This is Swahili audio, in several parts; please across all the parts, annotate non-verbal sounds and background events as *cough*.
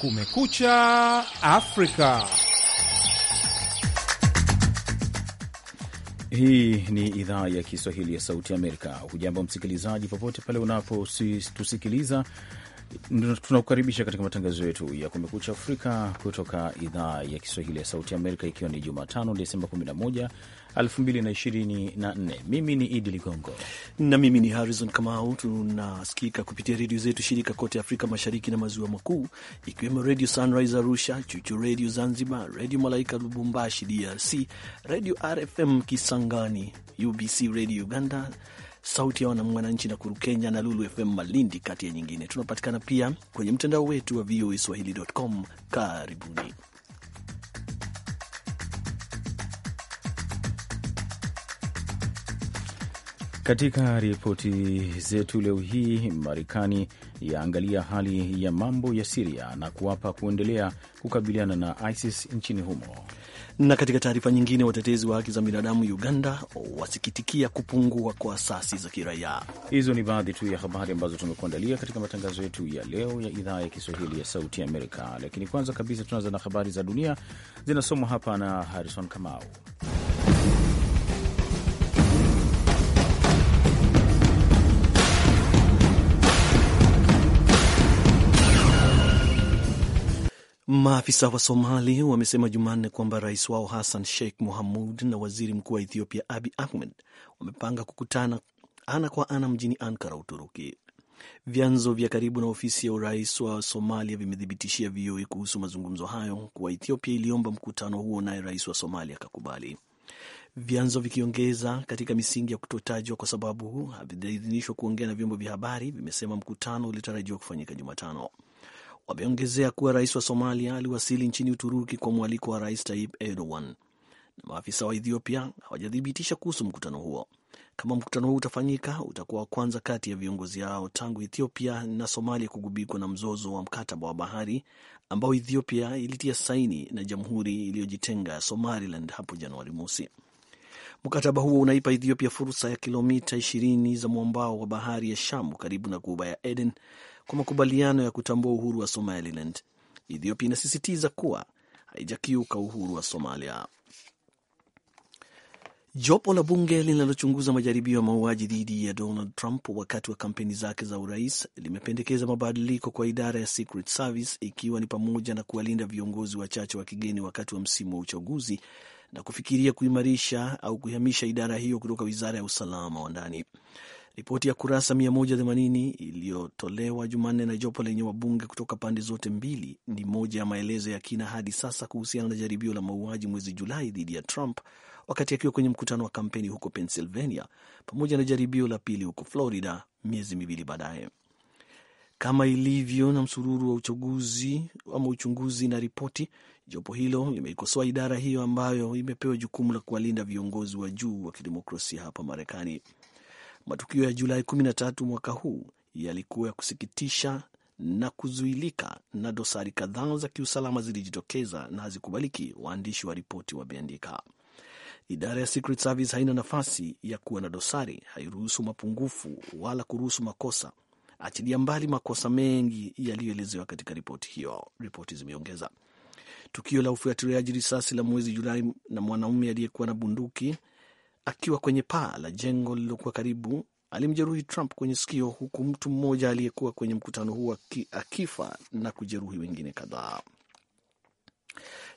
Kumekucha Afrika. Hii ni idhaa ya Kiswahili ya Sauti Amerika. Hujambo msikilizaji, popote pale unapotusikiliza Tunakukaribisha katika matangazo yetu ya Kumekucha Afrika kutoka idhaa ya Kiswahili ya Sauti Amerika, ikiwa ni Jumatano Desemba 11, 2024. Mimi ni Idi Ligongo na mimi ni Harrison Kamau. Tunasikika kupitia redio zetu shirika kote Afrika Mashariki na Maziwa Makuu, ikiwemo Redio Sunrise Arusha, Chuchu Redio Zanzibar, Redio Malaika Lubumbashi DRC, Redio RFM Kisangani, UBC Redio Uganda, Sauti ya Mwananchi na Kuru Kenya na Lulu FM Malindi, kati ya nyingine. Tunapatikana pia kwenye mtandao wetu wa VOA Swahili.com. Karibuni. Katika ripoti zetu leo hii, Marekani yaangalia hali ya mambo ya Siria na kuapa kuendelea kukabiliana na ISIS nchini humo. Na katika taarifa nyingine, watetezi wa haki za binadamu Uganda wasikitikia kupungua kwa asasi za kiraia. Hizo ni baadhi tu ya habari ambazo tumekuandalia katika matangazo yetu ya leo ya idhaa ya Kiswahili ya Sauti Amerika, lakini kwanza kabisa tunaanza na habari za dunia zinasomwa hapa na Harrison Kamau. Maafisa wa Somali wamesema Jumanne kwamba rais wao Hassan Sheikh Mohamud na waziri mkuu wa Ethiopia Abi Ahmed wamepanga kukutana ana kwa ana mjini Ankara, Uturuki. Vyanzo vya karibu na ofisi ya urais wa Somalia vimethibitishia VOA kuhusu mazungumzo hayo kuwa Ethiopia iliomba mkutano huo, naye rais wa Somalia akakubali, vyanzo vikiongeza katika misingi ya kutotajwa kwa sababu havijaidhinishwa kuongea na vyombo vya habari, vimesema mkutano ulitarajiwa kufanyika Jumatano wameongezea kuwa rais wa Somalia aliwasili nchini Uturuki kwa mwaliko wa rais Tayyip Erdogan, na maafisa wa Ethiopia hawajathibitisha kuhusu mkutano huo. Kama mkutano huo utafanyika, utakuwa wa kwanza kati ya viongozi hao tangu Ethiopia na Somalia kugubikwa na mzozo wa mkataba wa bahari ambao Ethiopia ilitia saini na jamhuri iliyojitenga Somaliland hapo Januari mosi. Mkataba huo unaipa Ethiopia fursa ya kilomita ishirini za mwambao wa bahari ya Shamu karibu na ghuba ya Eden kwa makubaliano ya kutambua uhuru wa Somaliland. Ethiopia inasisitiza kuwa haijakiuka uhuru wa Somalia. Jopo la bunge linalochunguza majaribio ya mauaji dhidi ya Donald Trump wakati wa kampeni zake za urais limependekeza mabadiliko kwa idara ya Secret Service ikiwa ni pamoja na kuwalinda viongozi wachache wa kigeni wakati wa msimu wa uchaguzi na kufikiria kuimarisha au kuihamisha idara hiyo kutoka wizara ya usalama wa ndani. Ripoti ya kurasa 180 iliyotolewa Jumanne na jopo lenye wabunge kutoka pande zote mbili ni moja ya maelezo ya kina hadi sasa kuhusiana na jaribio la mauaji mwezi Julai dhidi ya Trump wakati akiwa kwenye mkutano wa kampeni huko Pennsylvania, pamoja na jaribio la pili huko Florida miezi miwili baadaye. Kama ilivyo na msururu wa uchaguzi ama uchunguzi na ripoti, jopo hilo limeikosoa idara hiyo ambayo imepewa jukumu la kuwalinda viongozi wa juu wa kidemokrasia hapa Marekani. Matukio ya Julai 13 mwaka huu yalikuwa ya kusikitisha na kuzuilika, na dosari kadhaa za kiusalama zilijitokeza na hazikubaliki, waandishi wa ripoti wameandika. Idara ya Secret Service haina nafasi ya kuwa na dosari, hairuhusu mapungufu wala kuruhusu makosa, achilia mbali makosa mengi yaliyoelezewa katika ripoti hiyo, ripoti zimeongeza. Tukio la ufuatiliaji risasi la mwezi Julai na mwanaume aliyekuwa na bunduki akiwa kwenye paa la jengo lililokuwa karibu alimjeruhi Trump kwenye sikio, huku mtu mmoja aliyekuwa kwenye mkutano huo akifa na kujeruhi wengine kadhaa.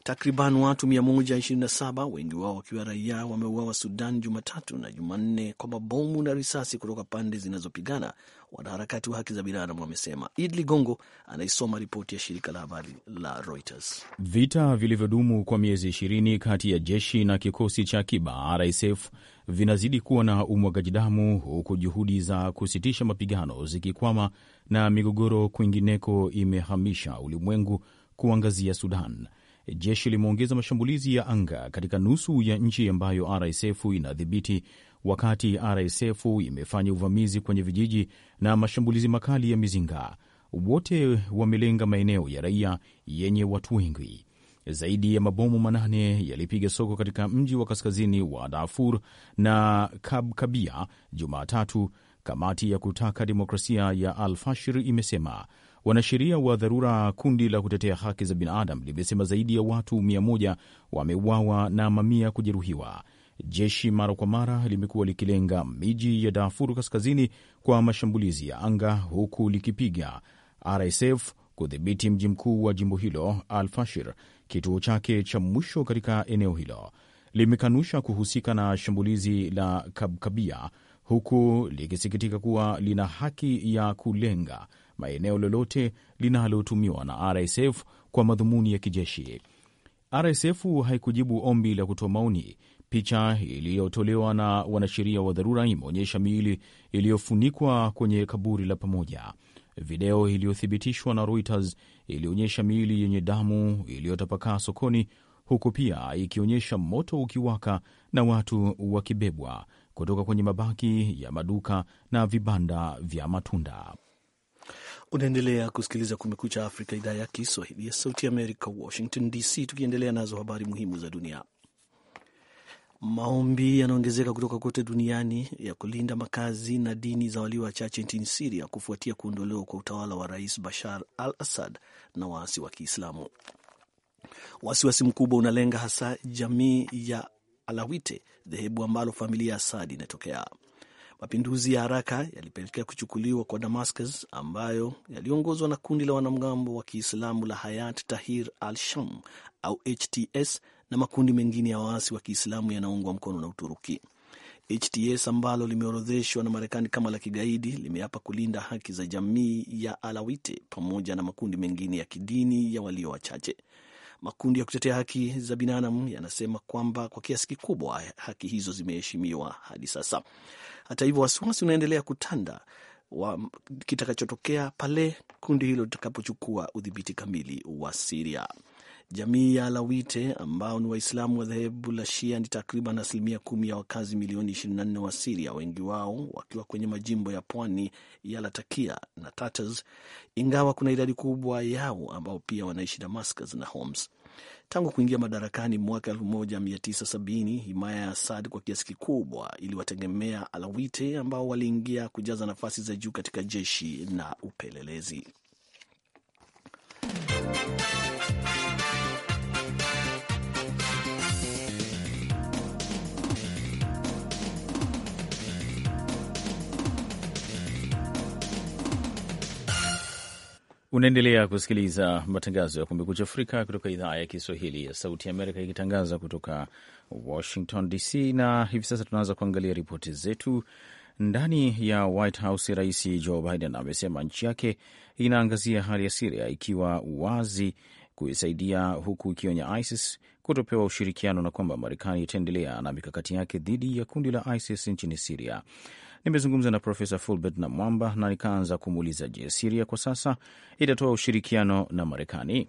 Takriban watu 127 wengi wao wakiwa raia wameuawa Sudan Jumatatu na Jumanne kwa mabomu na risasi kutoka pande zinazopigana, wanaharakati wa haki za binadamu wamesema. Id Ligongo anaisoma ripoti ya shirika la habari la Reuters. Vita vilivyodumu kwa miezi ishirini kati ya jeshi na kikosi cha akiba RSF vinazidi kuwa na umwagaji damu, huku juhudi za kusitisha mapigano zikikwama na migogoro kwingineko imehamisha ulimwengu kuangazia Sudan jeshi limeongeza mashambulizi ya anga katika nusu ya nchi ambayo RSF inadhibiti, wakati RSF imefanya uvamizi kwenye vijiji na mashambulizi makali ya mizinga. Wote wamelenga maeneo ya raia yenye watu wengi. Zaidi ya mabomu manane yalipiga soko katika mji wa kaskazini wa Darfur na Kabkabia Jumatatu, kamati ya kutaka demokrasia ya Al Fashir imesema Wanasheria wa dharura, kundi la kutetea haki za binadamu limesema zaidi ya watu mia moja wameuawa na mamia kujeruhiwa. Jeshi mara kwa mara limekuwa likilenga miji ya Darfur kaskazini kwa mashambulizi ya anga, huku likipiga RSF kudhibiti mji mkuu wa jimbo hilo Al-Fashir, kituo chake cha mwisho katika eneo hilo. Limekanusha kuhusika na shambulizi la Kabkabia, huku likisikitika kuwa lina haki ya kulenga maeneo lolote linalotumiwa na RSF kwa madhumuni ya kijeshi. RSF haikujibu ombi la kutoa maoni. Picha iliyotolewa na wanasheria wa dharura imeonyesha miili iliyofunikwa kwenye kaburi la pamoja. Video iliyothibitishwa na Reuters ilionyesha miili yenye damu iliyotapakaa sokoni, huku pia ikionyesha moto ukiwaka na watu wakibebwa kutoka kwenye mabaki ya maduka na vibanda vya matunda. Unaendelea kusikiliza Kumekucha Afrika, idhaa ya Kiswahili ya Sauti Amerika, Washington DC. Tukiendelea nazo habari muhimu za dunia, maombi yanaongezeka kutoka kote duniani ya kulinda makazi na dini za walio wachache nchini Siria kufuatia kuondolewa kwa utawala wa Rais Bashar al Assad na waasi wa Kiislamu. Wasiwasi mkubwa unalenga hasa jamii ya Alawite, dhehebu ambalo familia ya Asad inatokea. Mapinduzi ya haraka yalipelekea kuchukuliwa kwa Damascus ambayo yaliongozwa na kundi la wanamgambo wa Kiislamu la Hayat Tahrir al-Sham au HTS na makundi mengine ya waasi wa Kiislamu yanaungwa mkono na Uturuki. HTS ambalo limeorodheshwa na Marekani kama la kigaidi limeapa kulinda haki za jamii ya Alawite pamoja na makundi mengine ya kidini ya walio wachache. Makundi ya kutetea haki za binadamu yanasema kwamba kwa kiasi kikubwa haki hizo zimeheshimiwa hadi sasa. Hata hivyo, wasiwasi unaendelea kutanda wa kitakachotokea pale kundi hilo litakapochukua udhibiti kamili wa Siria. Jamii ya Alawite ambao ni Waislamu wa dhehebu la Shia ni takriban asilimia kumi ya wakazi milioni 24 wa Siria, wengi wao wakiwa kwenye majimbo ya pwani ya Latakia na Tatas, ingawa kuna idadi kubwa yao ambao pia wanaishi Damascus na Homs. Tangu kuingia madarakani mwaka 1970 himaya ya Asad kwa kiasi kikubwa iliwategemea Alawite ambao waliingia kujaza nafasi za juu katika jeshi na upelelezi. Unaendelea kusikiliza matangazo ya Kumekucha Afrika kutoka idhaa ya Kiswahili ya Sauti Amerika ikitangaza kutoka Washington DC, na hivi sasa tunaanza kuangalia ripoti zetu. Ndani ya White House, Rais Joe Biden amesema nchi yake inaangazia hali ya Siria ikiwa wazi kuisaidia huku ikionya ISIS kutopewa ushirikiano na kwamba Marekani itaendelea na mikakati yake dhidi ya kundi la ISIS nchini Siria. Nimezungumza na Profesa Fulbert na Mwamba na nikaanza kumuuliza je, Siria kwa sasa itatoa ushirikiano na Marekani?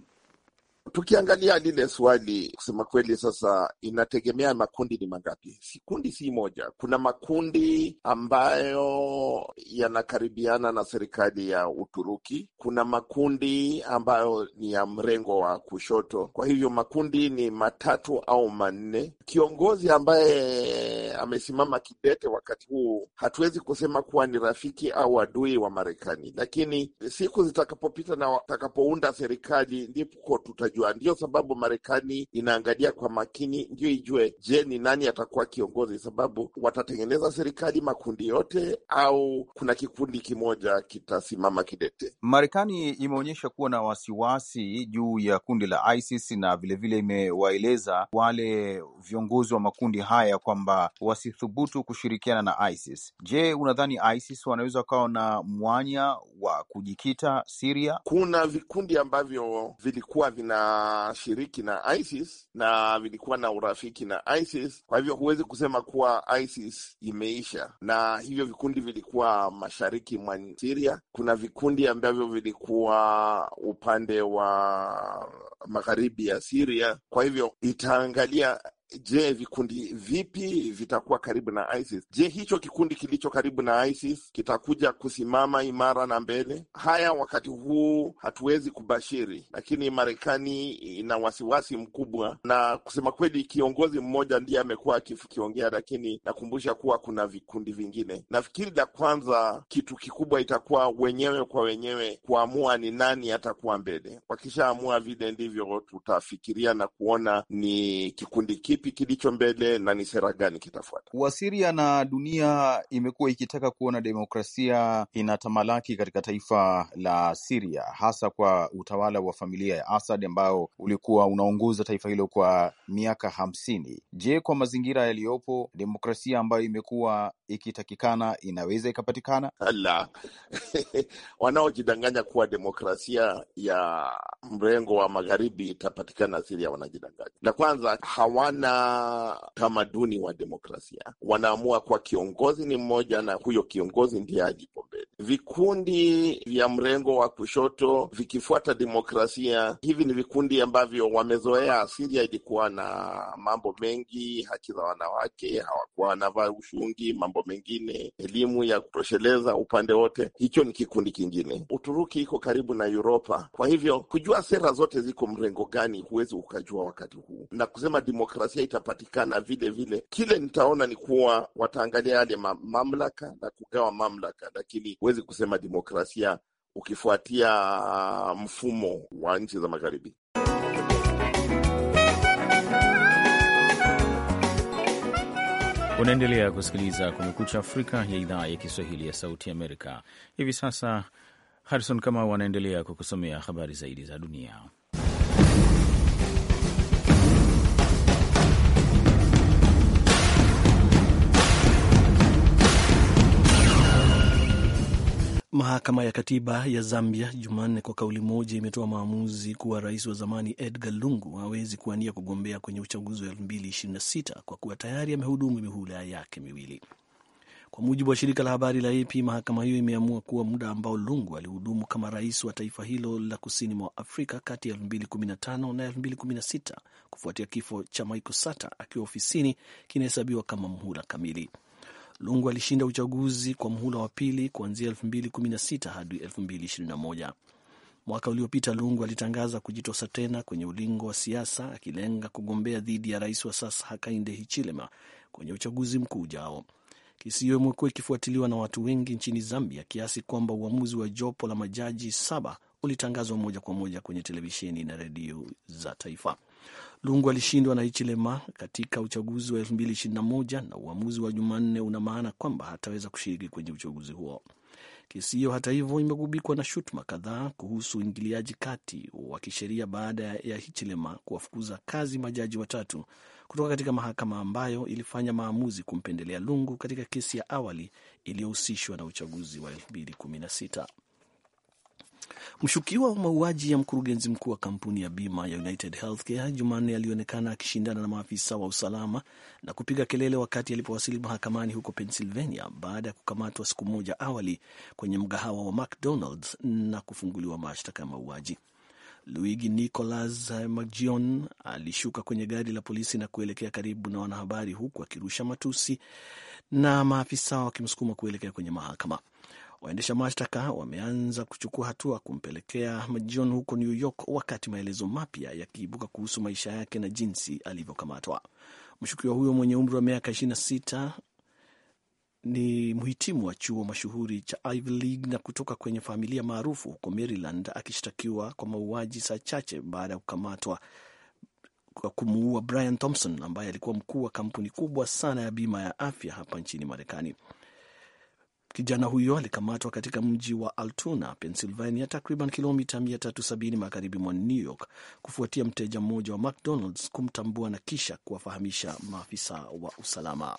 Tukiangalia lile swali, kusema kweli, sasa inategemea makundi ni mangapi. Si kundi si moja, kuna makundi ambayo yanakaribiana na serikali ya Uturuki, kuna makundi ambayo ni ya mrengo wa kushoto. Kwa hivyo makundi ni matatu au manne. Kiongozi ambaye amesimama kidete wakati huu, hatuwezi kusema kuwa ni rafiki au adui wa Marekani, lakini siku zitakapopita na watakapounda serikali ndipo tuta watajua. Ndio sababu Marekani inaangalia kwa makini, ndiyo ijue, je, ni nani atakuwa kiongozi? Sababu watatengeneza serikali makundi yote au kuna kikundi kimoja kitasimama kidete? Marekani imeonyesha kuwa na wasiwasi juu ya kundi la ISIS na vilevile imewaeleza wale viongozi wa makundi haya kwamba wasithubutu kushirikiana na ISIS. Je, unadhani ISIS wanaweza wakawa na mwanya wa kujikita Siria? Kuna vikundi ambavyo vilikuwa vina vinashiriki na ISIS na vilikuwa na urafiki na ISIS. Kwa hivyo huwezi kusema kuwa ISIS imeisha, na hivyo vikundi vilikuwa mashariki mwa Siria. Kuna vikundi ambavyo vilikuwa upande wa magharibi ya Siria. Kwa hivyo itaangalia Je, vikundi vipi vitakuwa karibu na ISIS? Je, hicho kikundi kilicho karibu na ISIS kitakuja kusimama imara na mbele? Haya wakati huu hatuwezi kubashiri, lakini Marekani ina wasiwasi mkubwa, na kusema kweli, kiongozi mmoja ndiye amekuwa akikiongea, lakini nakumbusha kuwa kuna vikundi vingine. Nafikiri la kwanza, kitu kikubwa itakuwa wenyewe kwa wenyewe kuamua ni nani atakuwa mbele. Wakishaamua vile, ndivyo tutafikiria na kuona ni kikundi kipi kipi kilicho mbele na ni sera gani kitafuata? Wasiria na dunia imekuwa ikitaka kuona demokrasia inatamalaki katika taifa la Siria, hasa kwa utawala wa familia ya Asad ambao ulikuwa unaongoza taifa hilo kwa miaka hamsini. Je, kwa mazingira yaliyopo demokrasia ambayo imekuwa ikitakikana inaweza ikapatikana? La *laughs* wanaojidanganya kuwa demokrasia ya mrengo wa magharibi itapatikana Siria wanajidanganya. La kwanza hawana tamaduni wa demokrasia, wanaamua kwa kiongozi ni mmoja na huyo kiongozi ndiye alipo mbele. Vikundi vya mrengo wa kushoto vikifuata demokrasia, hivi ni vikundi ambavyo wamezoea. Siria ilikuwa na mambo mengi, haki za wanawake, hawakuwa wanavaa ushungi, mambo mengine, elimu ya kutosheleza upande wote. Hicho ni kikundi kingine. Uturuki iko karibu na Uropa, kwa hivyo kujua sera zote ziko mrengo gani huwezi ukajua wakati huu, na kusema demokrasia faraja itapatikana vile vile. Kile nitaona ni kuwa wataangalia yale mamlaka na kugawa mamlaka, lakini huwezi kusema demokrasia ukifuatia mfumo wa nchi za magharibi. Unaendelea kusikiliza Kumekucha Afrika ya idhaa ya Kiswahili ya Sauti Amerika. Hivi sasa Harrison Kamau anaendelea kukusomea habari zaidi za dunia. Mahakama ya Katiba ya Zambia Jumanne kwa kauli moja imetoa maamuzi kuwa rais wa zamani Edgar Lungu hawezi kuania kugombea kwenye uchaguzi wa 2026 kwa kuwa tayari amehudumu mihula yake miwili. Kwa mujibu wa shirika la habari la AP, mahakama hiyo imeamua kuwa muda ambao Lungu alihudumu kama rais wa taifa hilo la kusini mwa Afrika kati ya 2015 na 2016 kufuatia kifo cha Michael Sata akiwa ofisini kinahesabiwa kama mhula kamili. Lungu alishinda uchaguzi kwa mhula wa pili kuanzia 2016 hadi 2021. Mwaka uliopita Lungu alitangaza kujitosa tena kwenye ulingo wa siasa, akilenga kugombea dhidi ya rais wa sasa Hakainde Hichilema kwenye uchaguzi mkuu ujao. Kesi hiyo imekuwa ikifuatiliwa na watu wengi nchini Zambia kiasi kwamba uamuzi wa jopo la majaji saba ulitangazwa moja kwa moja kwenye televisheni na redio za taifa. Lungu alishindwa na Hichilema katika uchaguzi wa 2021 na uamuzi wa Jumanne una maana kwamba hataweza kushiriki kwenye uchaguzi huo. Kesi hiyo hata hivyo imegubikwa na shutuma kadhaa kuhusu uingiliaji kati wa kisheria baada ya Hichilema kuwafukuza kazi majaji watatu kutoka katika mahakama ambayo ilifanya maamuzi kumpendelea Lungu katika kesi ya awali iliyohusishwa na uchaguzi wa 2016. Mshukiwa wa mauaji ya mkurugenzi mkuu wa kampuni ya bima ya United Healthcare Jumanne alionekana akishindana na maafisa wa usalama na kupiga kelele wakati alipowasili mahakamani huko Pennsylvania baada ya kukamatwa siku moja awali kwenye mgahawa wa McDonald's na kufunguliwa mashtaka ya mauaji. Luigi Nicolas Maggion alishuka kwenye gari la polisi na kuelekea karibu na wanahabari huku akirusha matusi na maafisa wakimsukuma kuelekea kwenye mahakama. Waendesha mashtaka wameanza kuchukua hatua kumpelekea majion huko New York, wakati maelezo mapya yakiibuka kuhusu maisha yake na jinsi alivyokamatwa. Mshukiwa huyo mwenye umri wa miaka 26 ni mhitimu wa chuo mashuhuri cha Ivy League na kutoka kwenye familia maarufu huko Maryland, akishtakiwa kwa mauaji saa chache baada ya kukamatwa kwa kumuua Brian Thompson ambaye alikuwa mkuu wa kampuni kubwa sana ya bima ya afya hapa nchini Marekani. Kijana huyo alikamatwa katika mji wa Altoona, Pennsylvania, takriban kilomita 370 magharibi mwa New York, kufuatia mteja mmoja wa McDonald's kumtambua na kisha kuwafahamisha maafisa wa usalama.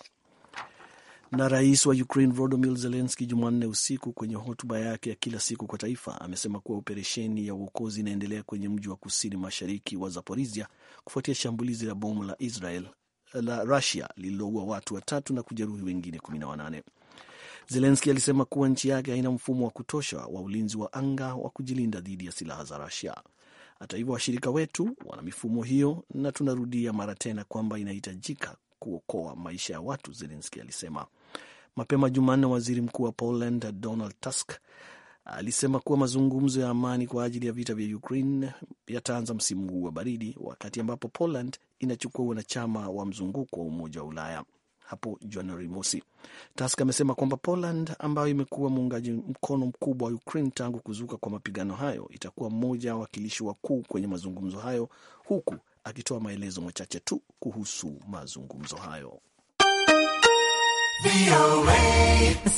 Na rais wa Ukraine Volodymyr Zelensky Jumanne usiku kwenye hotuba yake ya kila siku kwa taifa amesema kuwa operesheni ya uokozi inaendelea kwenye mji wa kusini mashariki wa Zaporizhia kufuatia shambulizi la bomu la Israel la Russia lililoua watu watatu na kujeruhi wengine wanane. Zelenski alisema kuwa nchi yake haina mfumo wa kutosha wa ulinzi wa anga wa kujilinda dhidi ya silaha za Rusia. Hata hivyo, washirika wetu wana mifumo hiyo na tunarudia mara tena kwamba inahitajika kuokoa maisha ya watu, Zelenski alisema. Mapema Jumanne, waziri mkuu wa Poland Donald Tusk alisema kuwa mazungumzo ya amani kwa ajili ya vita vya Ukraine yataanza msimu huu wa baridi, wakati ambapo Poland inachukua wanachama wa mzunguko wa Umoja wa Ulaya hapo Januari mosi. TASK amesema kwamba Poland ambayo imekuwa muungaji mkono mkubwa wa Ukraine tangu kuzuka kwa mapigano hayo itakuwa mmoja wa wakilishi wakuu kwenye mazungumzo hayo, huku akitoa maelezo machache tu kuhusu mazungumzo hayo.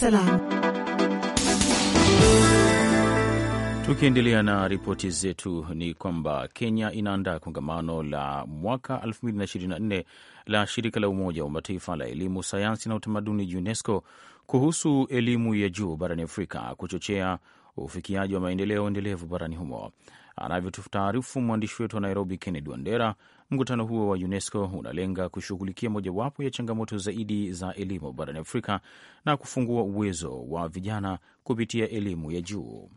Salam. Tukiendelea na ripoti zetu ni kwamba Kenya inaandaa kongamano la mwaka 2024 la shirika la Umoja wa Mataifa la elimu, sayansi na utamaduni UNESCO kuhusu elimu ya juu barani Afrika, kuchochea ufikiaji wa maendeleo endelevu barani humo. Anavyotaarifu mwandishi wetu wa Nairobi, Kennedy Wandera. Mkutano huo wa UNESCO unalenga kushughulikia mojawapo ya changamoto zaidi za elimu barani Afrika na kufungua uwezo wa vijana kupitia elimu ya juu.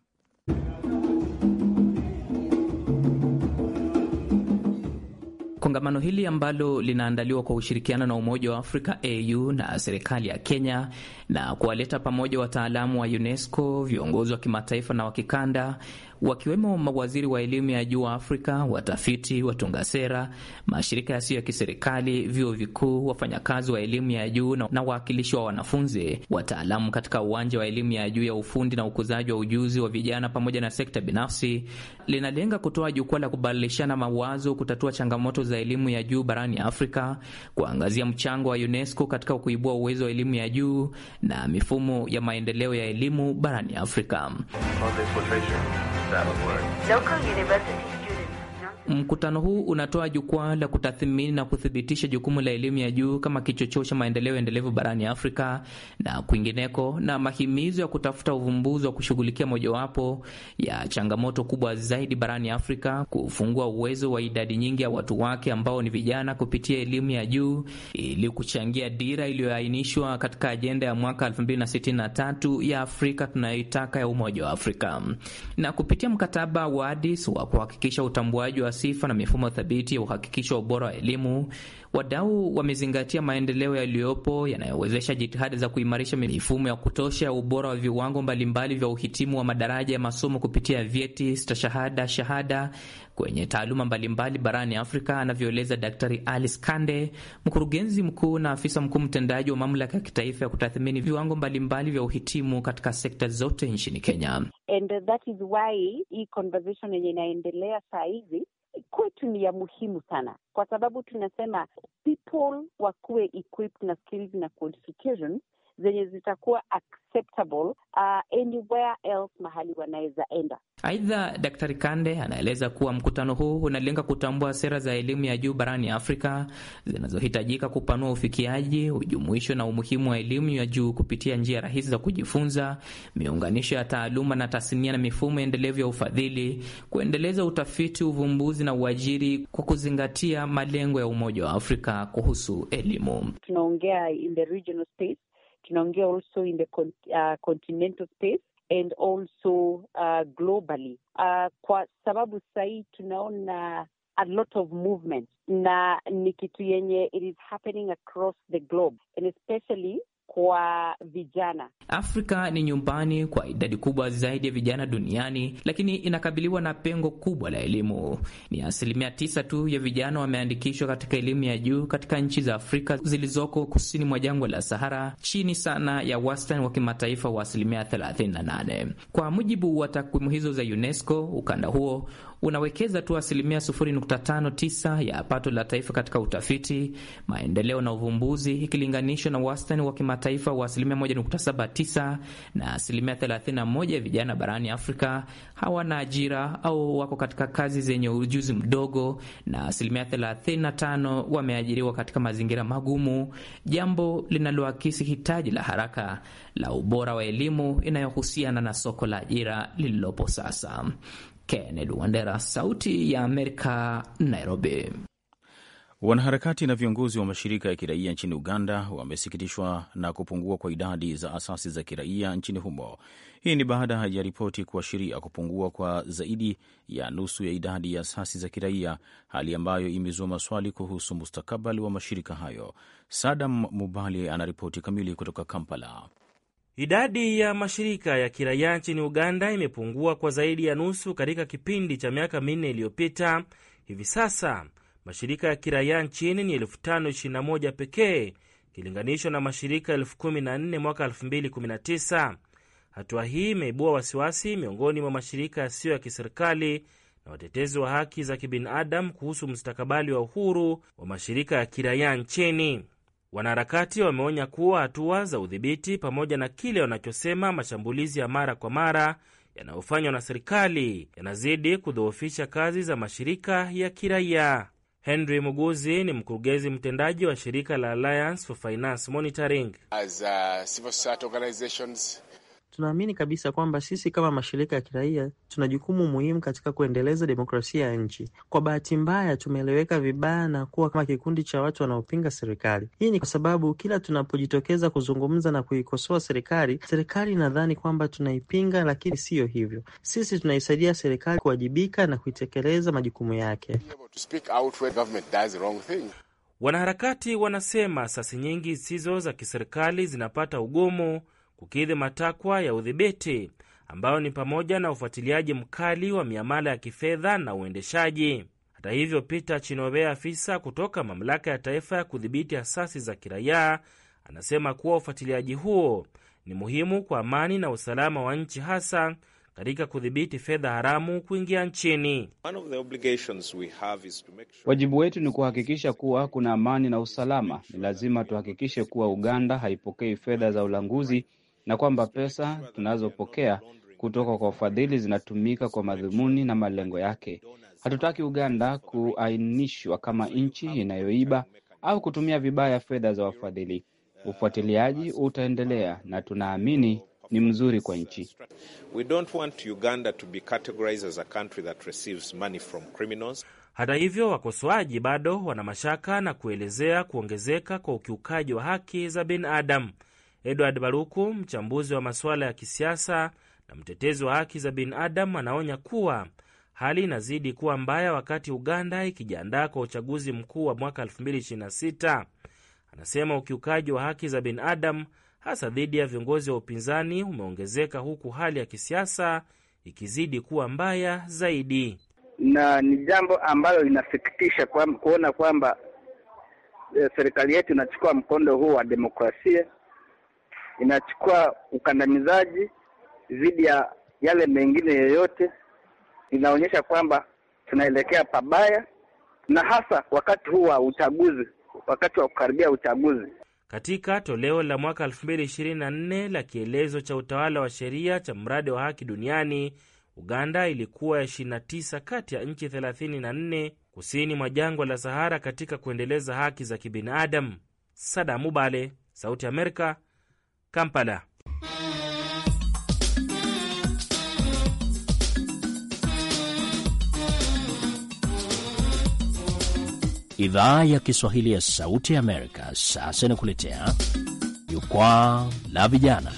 Kongamano hili ambalo linaandaliwa kwa ushirikiano na Umoja wa Afrika AU na serikali ya Kenya na kuwaleta pamoja wataalamu wa UNESCO, viongozi wa kimataifa na wa kikanda wakiwemo mawaziri wa elimu ya juu wa Afrika, watafiti, watunga sera, mashirika yasiyo ya kiserikali, vyuo vikuu, wafanyakazi wa elimu ya juu na wawakilishi wa wanafunzi, wataalamu katika uwanja wa elimu ya juu ya ufundi na ukuzaji wa ujuzi wa vijana, pamoja na sekta binafsi. Linalenga kutoa jukwaa la kubadilishana mawazo, kutatua changamoto za elimu ya juu barani Afrika, kuangazia mchango wa UNESCO katika kuibua uwezo wa elimu ya juu na mifumo ya maendeleo ya elimu barani Afrika. that would work. Local University. Mkutano huu unatoa jukwaa la kutathmini na kuthibitisha jukumu la elimu ya juu kama kichocheo cha maendeleo endelevu barani Afrika na kwingineko, na mahimizo ya kutafuta uvumbuzi wa kushughulikia mojawapo ya changamoto kubwa zaidi barani Afrika, kufungua uwezo wa idadi nyingi ya watu wake ambao ni vijana kupitia elimu ya juu ili kuchangia dira iliyoainishwa katika ajenda ya mwaka 2063 ya Afrika tunayoitaka ya Umoja wa Afrika na kupitia mkataba wa Addis wa kuhakikisha utambuaji wa sifa na mifumo thabiti ya uhakikisho wa ubora wa elimu, wadau wamezingatia maendeleo yaliyopo yanayowezesha jitihada za kuimarisha mifumo ya kutosha ya ubora wa viwango mbalimbali vya uhitimu wa madaraja ya masomo kupitia vyeti, stashahada, shahada kwenye taaluma mbalimbali barani Afrika, anavyoeleza Daktari Alice Kande, mkurugenzi mkuu na afisa mkuu mtendaji wa mamlaka ya kitaifa ya kutathmini viwango mbalimbali vya uhitimu katika sekta zote nchini Kenya. And that is why hii conversation yenye inaendelea saa hizi kwetu ni ya muhimu sana, kwa sababu tunasema people wakuwe equipped na skills na qualifications zenye zitakuwa acceptable uh, anywhere else mahali wanaweza enda. Aidha, Daktari Kande anaeleza kuwa mkutano huu unalenga kutambua sera za elimu ya juu barani Afrika zinazohitajika kupanua ufikiaji, ujumuisho na umuhimu wa elimu ya juu kupitia njia rahisi za kujifunza, miunganisho ya taaluma na tasnia na mifumo endelevu ya ufadhili, kuendeleza utafiti, uvumbuzi na uajiri kwa kuzingatia malengo ya Umoja wa Afrika kuhusu elimu. Tunaongea in the regional space Kinonge also in the con- uh, continental space and also uh, globally. Uh, kwa sababu sahii tunaona a lot of movement na ni kitu yenye it is happening across the globe and especially kwa vijana. Afrika ni nyumbani kwa idadi kubwa zaidi ya vijana duniani, lakini inakabiliwa na pengo kubwa la elimu. Ni asilimia tisa tu ya vijana wameandikishwa katika elimu ya juu katika nchi za Afrika zilizoko kusini mwa jangwa la Sahara, chini sana ya wastani wa kimataifa wa asilimia 38. Kwa mujibu wa takwimu hizo za UNESCO, ukanda huo unawekeza tu asilimia 0.59 ya pato la taifa katika utafiti, maendeleo na uvumbuzi ikilinganishwa na wastani wa kimataifa wa asilimia 1.79 na asilimia 31 ya vijana barani Afrika hawana ajira au wako katika kazi zenye ujuzi mdogo na asilimia 35 wameajiriwa katika mazingira magumu, jambo linaloakisi hitaji la haraka la ubora wa elimu inayohusiana na soko la ajira lililopo sasa. Kennedy Wandera, Sauti ya Amerika, Nairobi. Wanaharakati na viongozi wa mashirika ya kiraia nchini Uganda wamesikitishwa na kupungua kwa idadi za asasi za kiraia nchini humo. Hii ni baada ya ripoti kuashiria kupungua kwa zaidi ya nusu ya idadi ya asasi za kiraia, hali ambayo imezua maswali kuhusu mustakabali wa mashirika hayo. Sadam Mubali anaripoti kamili kutoka Kampala. Idadi ya mashirika ya kiraia nchini Uganda imepungua kwa zaidi ya nusu katika kipindi cha miaka minne iliyopita. Hivi sasa mashirika ya kiraia nchini ni 521 pekee ikilinganishwa na mashirika 14,000 mwaka 2019. Hatua hii imeibua wasiwasi miongoni mwa mashirika yasiyo ya kiserikali na watetezi wa haki za kibinadamu kuhusu mustakabali wa uhuru wa mashirika ya kiraia nchini. Wanaharakati wameonya kuwa hatua za udhibiti pamoja na kile wanachosema mashambulizi ya mara kwa mara yanayofanywa na serikali yanazidi kudhoofisha kazi za mashirika ya kiraia. Henry Muguzi ni mkurugenzi mtendaji wa shirika la Alliance for Finance Monitoring. As, uh, civil society organizations Tunaamini kabisa kwamba sisi kama mashirika ya kiraia tuna jukumu muhimu katika kuendeleza demokrasia ya nchi. Kwa bahati mbaya, tumeeleweka vibaya na kuwa kama kikundi cha watu wanaopinga serikali. Hii ni kwa sababu kila tunapojitokeza kuzungumza na kuikosoa serikali, serikali inadhani kwamba tunaipinga, lakini siyo hivyo. Sisi tunaisaidia serikali kuwajibika na kuitekeleza majukumu yake. Wanaharakati wanasema asasi nyingi zisizo za kiserikali zinapata ugomo kukidhi matakwa ya udhibiti ambayo ni pamoja na ufuatiliaji mkali wa miamala ya kifedha na uendeshaji. Hata hivyo, Peter Chinobe, afisa kutoka mamlaka ya taifa ya kudhibiti asasi za kiraia, anasema kuwa ufuatiliaji huo ni muhimu kwa amani na usalama wa nchi, hasa katika kudhibiti fedha haramu kuingia nchini. Wajibu wetu ni kuhakikisha kuwa kuna amani na usalama. Ni lazima tuhakikishe kuwa Uganda haipokei fedha za ulanguzi na kwamba pesa tunazopokea kutoka kwa ufadhili zinatumika kwa madhumuni na malengo yake. Hatutaki Uganda kuainishwa kama nchi inayoiba au kutumia vibaya fedha za wafadhili. Ufuatiliaji utaendelea na tunaamini ni mzuri kwa nchi. Hata hivyo, wakosoaji bado wana mashaka na kuelezea kuongezeka kwa ukiukaji wa haki za binadamu. Edward Baruku, mchambuzi wa masuala ya kisiasa na mtetezi wa haki za binadamu, anaonya kuwa hali inazidi kuwa mbaya wakati Uganda ikijiandaa kwa uchaguzi mkuu wa mwaka 2026. Anasema ukiukaji wa haki za binadamu hasa dhidi ya viongozi wa upinzani umeongezeka huku hali ya kisiasa ikizidi kuwa mbaya zaidi, na ni jambo ambalo linasikitisha kuona kwamba eh, serikali yetu inachukua mkondo huu wa demokrasia inachukua ukandamizaji dhidi ya yale mengine yoyote, inaonyesha kwamba tunaelekea pabaya, na hasa wakati huu wa uchaguzi, wakati wa kukaribia uchaguzi. Katika toleo la mwaka 2024 la kielezo cha utawala wa sheria cha mradi wa haki duniani, Uganda ilikuwa ya 29 kati ya nchi 34 kusini mwa jangwa la Sahara katika kuendeleza haki za kibinadamu. Sada Mubale, Sauti Amerika, Kampala. Idhaa ya Kiswahili ya Sauti ya Amerika sasa inakuletea Jukwaa la Vijana.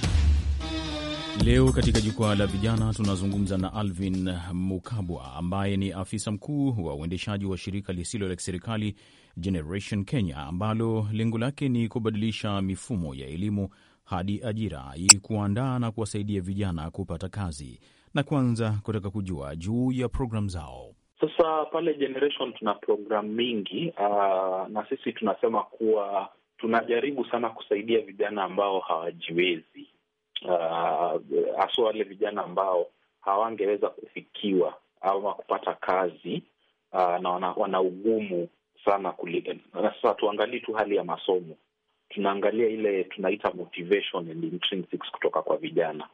Leo katika Jukwaa la Vijana tunazungumza na Alvin Mukabwa ambaye ni afisa mkuu wa uendeshaji wa shirika lisilo la kiserikali Generation Kenya ambalo lengo lake ni kubadilisha mifumo ya elimu hadi ajira ili kuandaa na kuwasaidia vijana kupata kazi, na kwanza kutaka kujua juu ya programu zao. Sasa pale Generation tuna programu mingi aa, ah, na sisi tunasema kuwa tunajaribu sana kusaidia vijana ambao hawajiwezi, ah, haswa wale vijana ambao hawangeweza kufikiwa ama kupata kazi aa, ah, na wana, wana ugumu sana kuli, sasa tuangalii tu hali ya masomo tunaangalia ile tunaita motivation and intrinsics kutoka kwa vijana.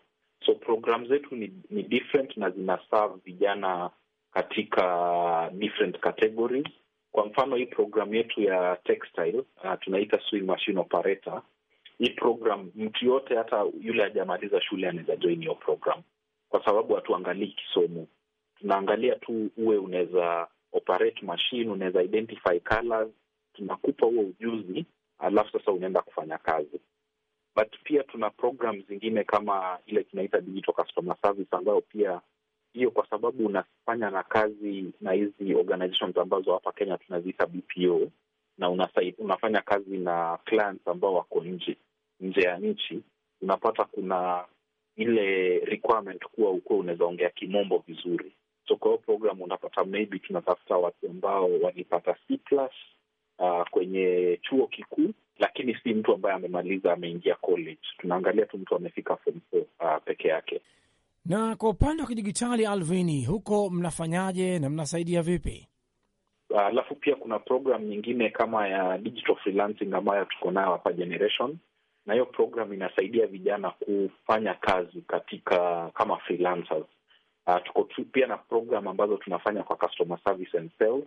So program zetu ni, ni different na zinaserve vijana katika different categories. Kwa mfano hii programu yetu ya textile uh, tunaita sewing machine operator. Hii program mtu yote, hata yule hajamaliza shule anaweza join hiyo program, kwa sababu hatuangalii kisomo, tunaangalia tu uwe unaweza operate machine, unaweza identify colors. Tunakupa huo ujuzi alafu sasa unaenda kufanya kazi. But pia tuna program zingine kama ile tunaita digital customer service, ambayo pia hiyo, kwa sababu unafanya na kazi na hizi organizations ambazo hapa Kenya tunaziita BPO na unasai, unafanya kazi na clients ambao wako nje nje ya nchi, unapata kuna ile requirement kuwa ukuwa unaweza ongea kimombo vizuri. So kwa hiyo program unapata maybe tunatafuta watu ambao walipata C plus uh, kwenye chuo kikuu, lakini si mtu ambaye amemaliza ameingia college. Tunaangalia tu mtu amefika form four uh, peke yake. Na kwa upande wa kidigitali, Alvini, huko mnafanyaje na mnasaidia vipi? Uh, alafu uh, pia kuna program nyingine kama ya digital freelancing ambayo tuko nayo hapa Generation, na hiyo program inasaidia vijana kufanya kazi katika kama freelancers. Uh, tuko tu pia na program ambazo tunafanya kwa customer service and sales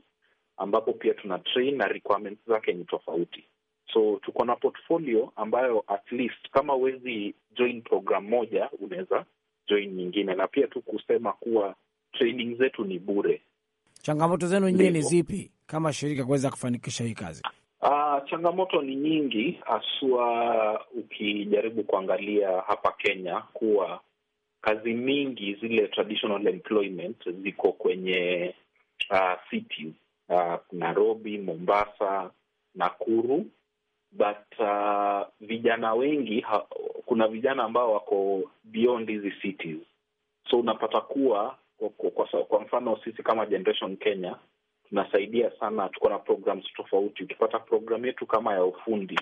ambapo pia tuna train na requirements zake ni tofauti. So tuko na portfolio ambayo at least kama huwezi join program moja unaweza join nyingine, na pia tu kusema kuwa training zetu ni bure. Changamoto zenu nyinyi ni zipi kama shirika kuweza kufanikisha hii kazi? Uh, changamoto ni nyingi haswa ukijaribu kuangalia hapa Kenya kuwa kazi mingi zile traditional employment ziko kwenye uh, cities uh, Nairobi, Mombasa, Nakuru but uh, vijana wengi ha, kuna vijana ambao wako beyond hizi cities, so unapata kuwa kwa, kwa, kwa mfano sisi kama Generation Kenya tunasaidia sana, tuko na programs tofauti. Ukipata programu yetu kama ya ufundi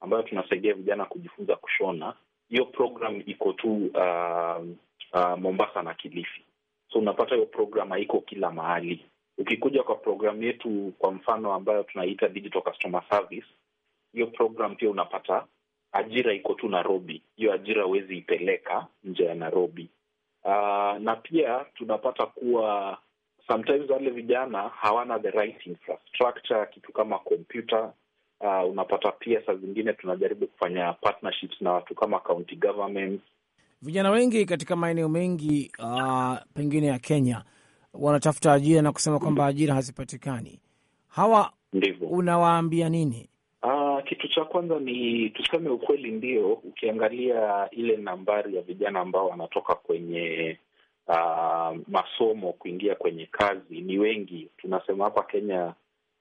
ambayo tunasaidia vijana kujifunza kushona, hiyo program iko tu uh, uh, Mombasa na Kilifi, so unapata hiyo program haiko kila mahali Ukikuja kwa programu yetu kwa mfano ambayo tunaita Digital Customer Service, hiyo program pia unapata ajira iko tu Nairobi, hiyo ajira huwezi ipeleka nje ya Nairobi. Uh, na pia tunapata kuwa sometimes wale vijana hawana the right infrastructure, kitu kama kompyuta. Uh, unapata pia saa zingine tunajaribu kufanya partnerships na watu kama county Vijana wengi katika maeneo mengi uh, pengine ya Kenya wanatafuta ajira na kusema kwamba ajira hazipatikani. Hawa ndivyo unawaambia nini? Uh, kitu cha kwanza ni tuseme ukweli, ndio ukiangalia ile nambari ya vijana ambao wanatoka kwenye uh, masomo kuingia kwenye kazi ni wengi. Tunasema hapa Kenya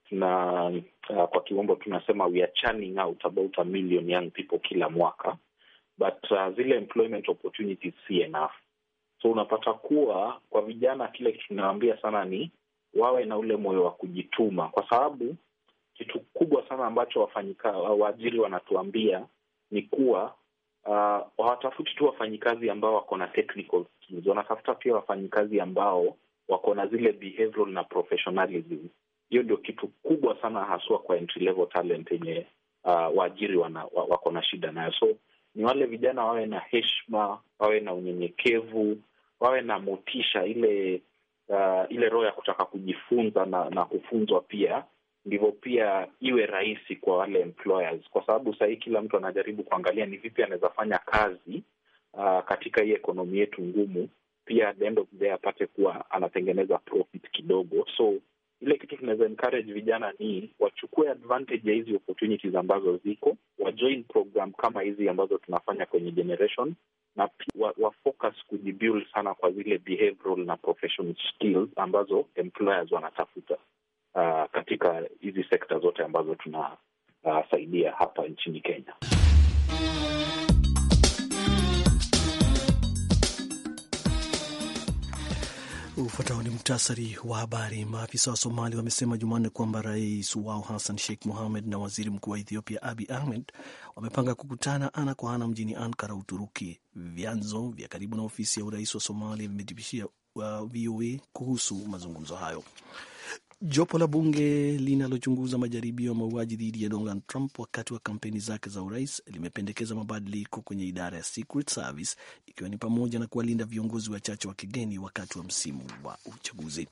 tuna uh, kwa kiwombo tunasema we are churning out about a million young people kila mwaka but uh, zile employment opportunities si enough So unapata kuwa kwa vijana, kile kitu tunawaambia sana ni wawe na ule moyo wa kujituma, kwa sababu kitu kubwa sana ambacho wafanyika waajiri wanatuambia ni kuwa uh, hawatafuti tu wafanyikazi ambao wako na technical skills, wanatafuta pia wafanyikazi ambao wako na zile behavioral na professionalism. Hiyo ndio kitu kubwa sana haswa kwa entry level talent yenye uh, waajiri wana, wako na shida nayo. So ni wale vijana wawe na heshima, wawe na unyenyekevu, wawe na motisha ile, uh, ile roho ya kutaka kujifunza na, na kufunzwa pia ndivyo pia iwe rahisi kwa wale employers, kwa sababu sahii kila mtu anajaribu kuangalia ni vipi anaweza fanya kazi uh, katika hii ekonomi yetu ngumu, pia at the end of day apate kuwa anatengeneza profit kidogo. So ile kitu tunaweza encourage vijana ni wachukue advantage ya hizi opportunities ambazo ziko, wajoin program kama hizi ambazo tunafanya kwenye Generation na pia focus kujibuild sana kwa zile behavioral na professional skills ambazo employers wanatafuta uh, katika hizi sekta zote ambazo tunasaidia uh, hapa nchini Kenya. Ufuatao ni muhtasari wa habari. Maafisa wa Somali wamesema Jumanne kwamba rais wao Hassan Sheikh Mohamed na waziri mkuu wa Ethiopia Abi Ahmed wamepanga kukutana ana kwa ana mjini Ankara, Uturuki. Vyanzo vya karibu na ofisi ya urais wa Somalia vimetibishia uh, VOA kuhusu mazungumzo hayo. Jopo la bunge linalochunguza majaribio ya mauaji dhidi ya Donald Trump wakati wa kampeni zake za urais limependekeza mabadiliko kwenye idara ya Secret Service ikiwa ni pamoja na kuwalinda viongozi wachache wa kigeni wakati wa msimu wa uchaguzi.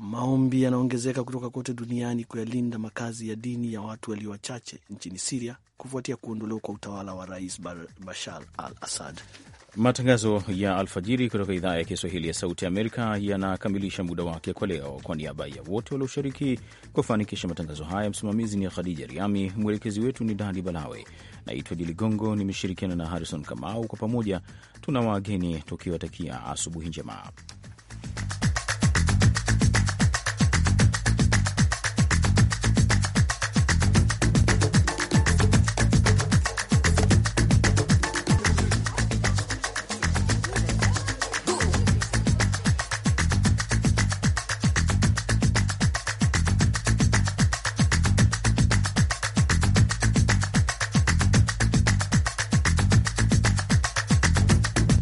Maombi yanaongezeka kutoka kote duniani kuyalinda makazi ya dini ya watu walio wachache nchini Siria kufuatia kuondolewa kwa utawala wa Rais Bashar al Assad. Matangazo ya alfajiri kutoka idhaa ya Kiswahili ya Sauti Amerika yanakamilisha muda wake kwa leo. Kwa niaba ya wote walioshiriki kufanikisha matangazo haya, msimamizi ni Khadija Riami, mwelekezi wetu ni Dadi Balawe. Naitwa Idi Ligongo, nimeshirikiana na Harrison Kamau. Kwa pamoja tuna wageni tukiwatakia asubuhi njema.